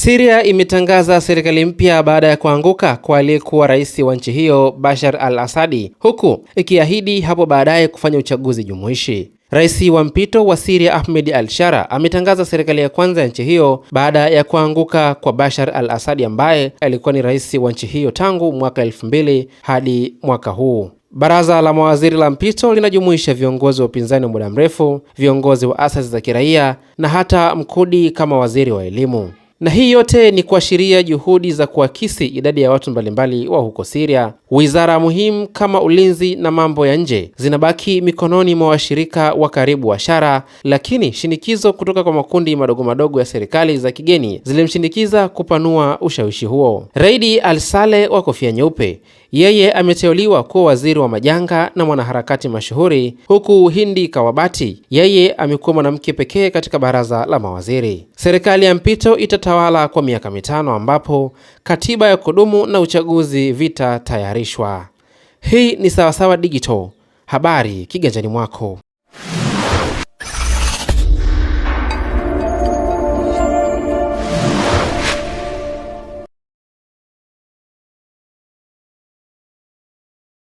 Syria imetangaza serikali mpya baada ya kuanguka kwa aliyekuwa rais wa nchi hiyo Bashar al-Assad, huku ikiahidi hapo baadaye kufanya uchaguzi jumuishi. Rais wa mpito wa Syria Ahmed al-Shara ametangaza serikali ya kwanza ya nchi hiyo baada ya kuanguka kwa Bashar al-Assad ambaye alikuwa ni rais wa nchi hiyo tangu mwaka 2000 hadi mwaka huu. Baraza la mawaziri la mpito linajumuisha viongozi wa upinzani wa muda mrefu, viongozi wa asasi za kiraia na hata mkudi kama waziri wa elimu na hii yote ni kuashiria juhudi za kuakisi idadi ya watu mbalimbali wa huko Syria. Wizara muhimu kama ulinzi na mambo ya nje zinabaki mikononi mwa washirika wa karibu wa Shara, lakini shinikizo kutoka kwa makundi madogo madogo ya serikali za kigeni zilimshinikiza kupanua ushawishi huo. Raidi Al-Saleh wa kofia nyeupe, yeye ameteuliwa kuwa waziri wa majanga na mwanaharakati mashuhuri, huku Hindi Kawabati, yeye amekuwa mwanamke pekee katika baraza la mawaziri. Serikali ya mpito itatawala kwa miaka mitano ambapo katiba ya kudumu na uchaguzi vitatayarishwa. Hii ni Sawasawa Digital, habari kiganjani mwako.